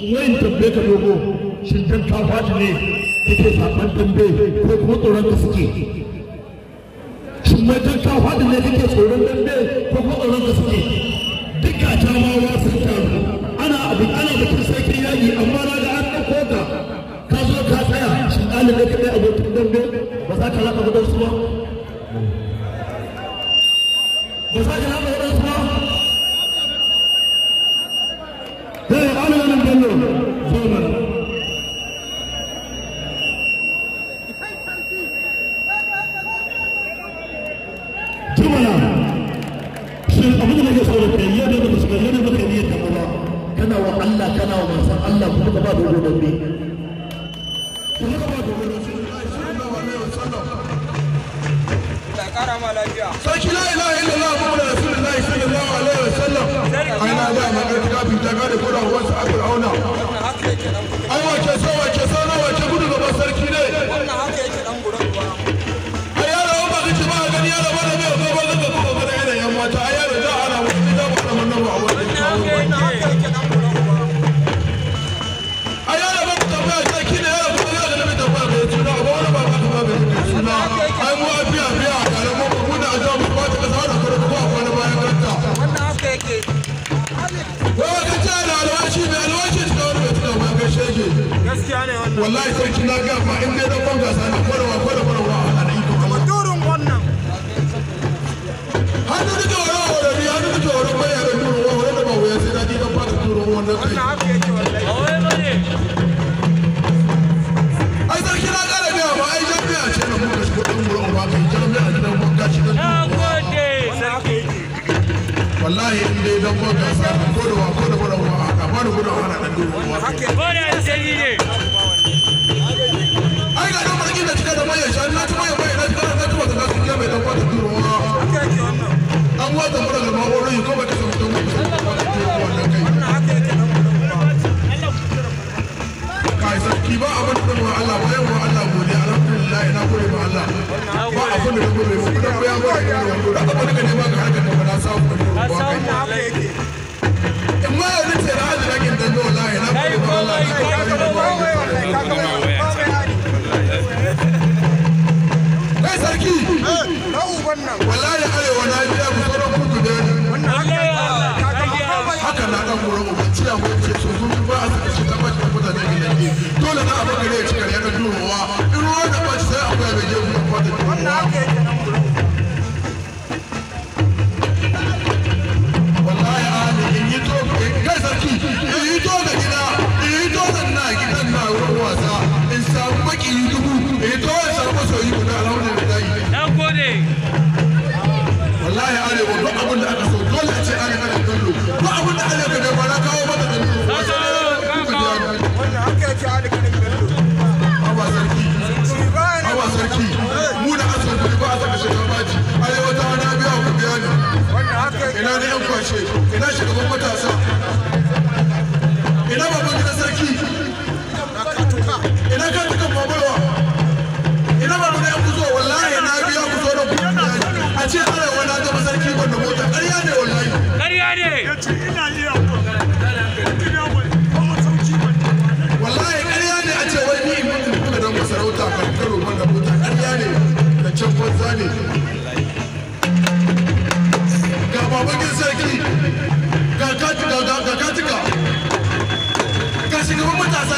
wayin tambaye ka dogo shin dan ka ne dambe ko kuma tsoron ka suke shin mai dan ka ne kake tsoron dambe ko kuma tsoron ka suke duka jamawa sun taru ana abin ana bikin sarki yaki, amma na da an ɗauko ka ka zo ka tsaya shin ɗalibai kaɗai abokin dambe ba za ka lafa su ba bayyana da musu bayyana maka niyyar da kuma kana wa Allah kana wa manzon Allah kuma ka ba da gobe Sarki la ilaha illallah Muhammadu Rasulullahi sallallahu alaihi wasallam. Ana da magana a kafin ta gane ko da wasu aka luôn nữa gode ma Allah bayan ma Allah gode alhamdulillah ina ne na samu da ko kai amma ina shugaban mata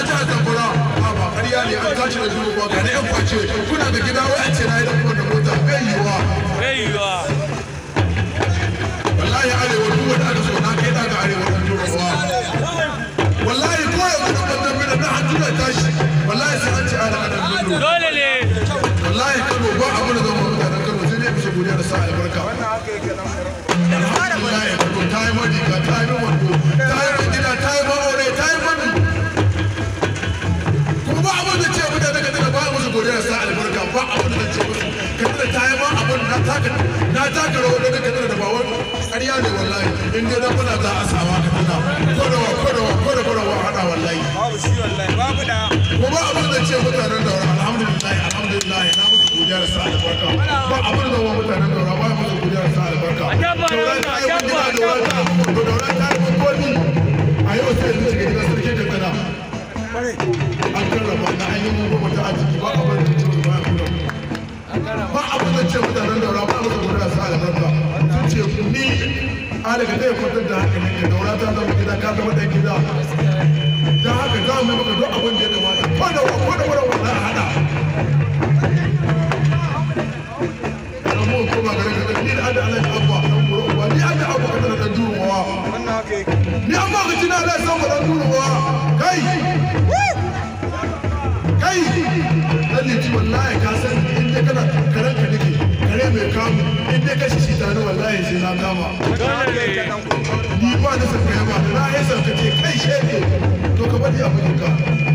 na zamfara a ba ƙarya ne an tashi da dubu ba gane yan kwace kuna da gida wai ce na yi da kowane mota bai yiwuwa bai yiwuwa wallahi arewa duk so na kai arewa kan turawa wallahi ko ya na tashi wallahi sai an ana ana dole ne wallahi kano ba abu da zama mutanen kano sai bishe godiya da sa albarka na ta taka rawa daga kadar da bawon ƙarya ne wallahi in dai dan kuna za a sawa ka da tana kodawa kodawa kodawa kodawa hada wallahi babu shi wallahi babu da kuma abin da ce mutanen da alhamdulillah alhamdulillah na musu godiya da sa albarka ba abin da wa mutanen da ba musu godiya da sa albarka dauran ta yi gida dauran ta dauran ta yi kofi a yau sai yanzu daga gidan sarki da an karrama na an yi mu ba ta a jiki ba abin da ce ba ya kula ba abin da ce mutanen daura ba abin da kuma rasa a gaban ta sun ce ni alaka zai da haka ne daura ta zama gida ka zama ɗan gida don haka za mu maka duk abin da ya kamata ko da wa ko da wani wannan a haɗa mu koma gare ka ni da ada alaka abba dan kuro uwa ni ada abba ka da dan duruwa ni amma ka tina Allah ya samu dan kai kai dan wallahi mai kamu in dai kashi shi tare wallahi sai na kama ni ba na sarka ya ba na yi sarka ce kai shege to ka bari a ka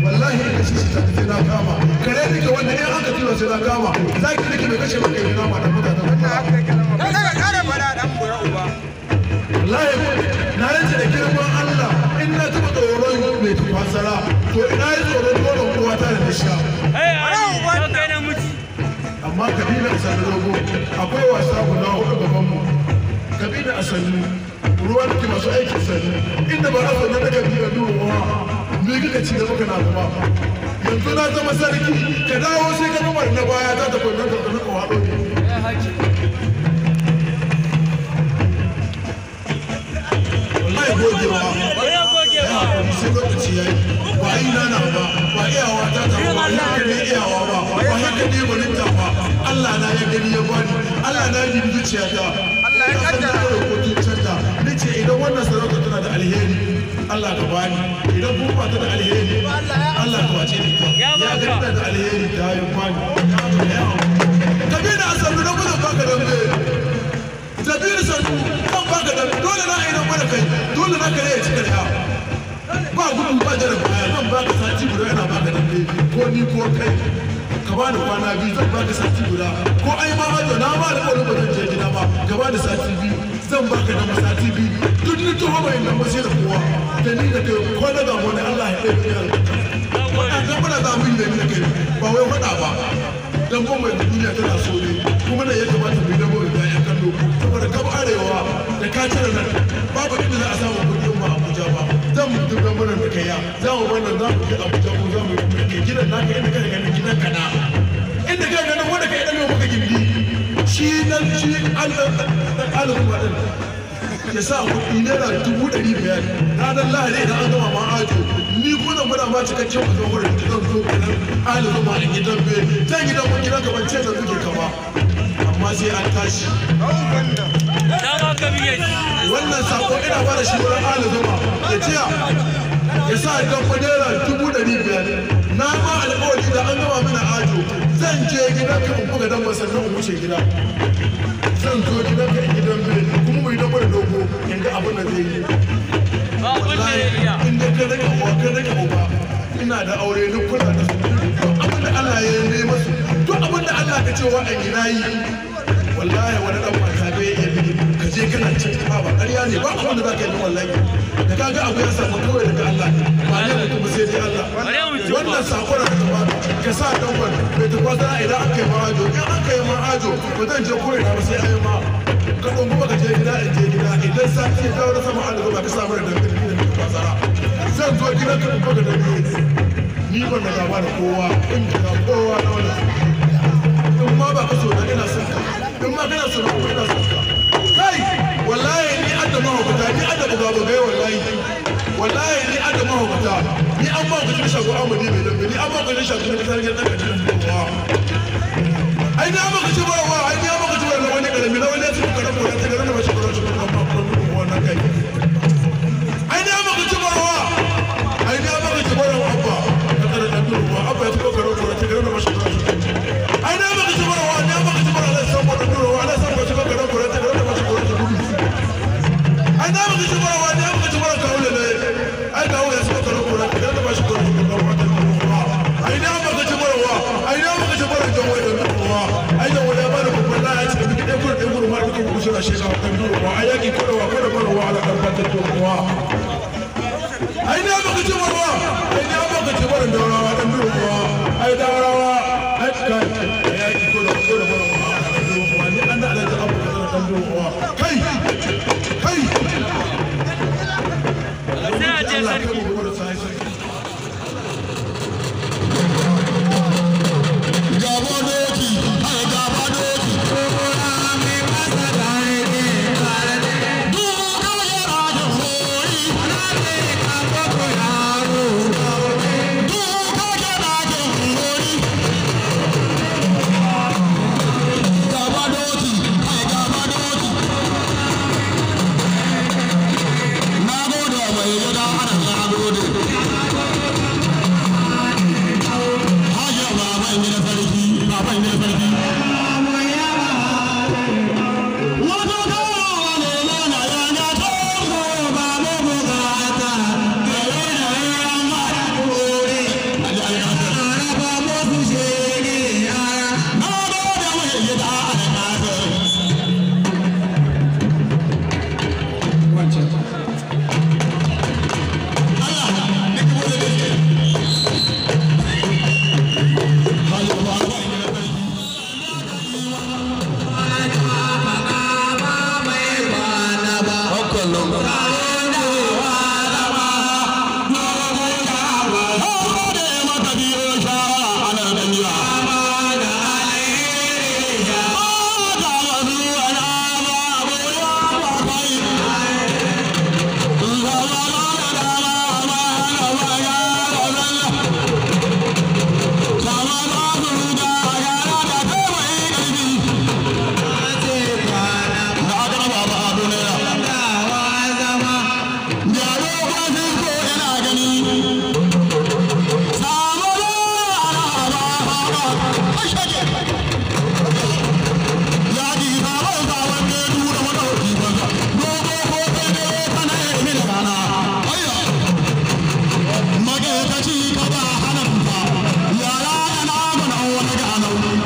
wallahi in kashi shi tare sai na kama kare ni wanda in ka tilo sai na kama zaki nake mai kashe maka n'a ma da mutane amma kabilar sani dogo akwai wasa guda a gabanmu kabila a sannu ruwan ki masu aikin sannu inda ba rasa na daga biyar duwa me kika ci gaba kana kuma yanzu na zama sarki ka dawo sai ka numar na baya za ta kwanar da tsanin kawo wallahi gogewa sai lokaci ya yi ba yi ba ba iyawa ta ta ba ba iyawa ba ba ba ne gani ya bani Allah zuciyata Allah ya kaddara da kotuncanta nace idan wannan sarauta tana da alheri Allah ka bani idan ta da alheri Allah wace ni ya ga da alheri ta yi bani asabu dole na aina mana kai dole na kare ba gudun ba jarabawa zan baka sati guda yana baka ko ni ko kai ka bani kwana biyu zan baka sati guda ko ai ma ma na ma da kwalin bazan je gida ba ka bani sati biyu zan baka nan sati biyu duk ni tuho mai nan ba sai da kowa da ni da kai ko na gamu ne Allah ya ɗaya biyar wannan gabara za mu yi da ni da kai ba wai faɗa ba dan ko mai duniya tana so ne kuma da ya kamata mu yi da mu da ya kallo saboda kaba arewa da ka tare nan babu inda za a samu kuɗi ba Abuja ba ka ya za mu bar nan za mu je abuja mu za mu yi mulki gidan naka inda kai ganin gidan ka na inda ka ganin wanda ka yi dan maka gindi shi nan shi alƙalin kwaɗin ya sa kuɗi naira dubu ɗari biyar ranar lahadi idan an gama ma ajo ni kuna muna ma cikakken ku zan wurin gidan zo kanan alifin ma a gidan be zan gidan kun gidan gaban ce da kuke kama amma sai an tashi wannan sako ina fara shi wurin alifin ma ya ciya ya sa don naira dubu ɗari biyar na ma alƙawari da an gama mana ajo zan je gidan ka in buga dan sannan in wuce gida zan zo gidan ka in gidan bai kuma mu yi dogo da dogo in ga abin da zai yi wallahi in da ka rage uwa ka rage uba ina da aure ni kula da su abin da Allah ya yi masu duk abin da Allah ka ce wa yi na yi wallahi wani ɗan mata bai iya bi ka je kana cikin ba ƙarya ne ba abin da za ka yi wallahi da ka ga abu ya samu kawai daga Allah ba ne mutum sai dai Allah wannan sakon da ka bada ka sa dan wani bai ta kwasa idan aka yi ma'ajo in aka yi ma'ajo ba zan je kore na ba sai an yi ma ka ɗan kuma ka je gida in je gida idan sati ya dawo da sama an ba ka samu da dangane da kwasara zan zo gidan ka kuma da dangane ni ban da gaba da kowa in da kowa na wani in ma ba ka so na ina son ka in ma kana so da kuma ina son ka wallahi ni an da mahaukata ni an da wallahi wallahi ni an da mahaukata ni an ba kudin shago amadi mai dambe ni an ba kudin na kasar gidan kacin tuwa ai ni an ba ba wa ai ni an ba wani karami na wani Thank you.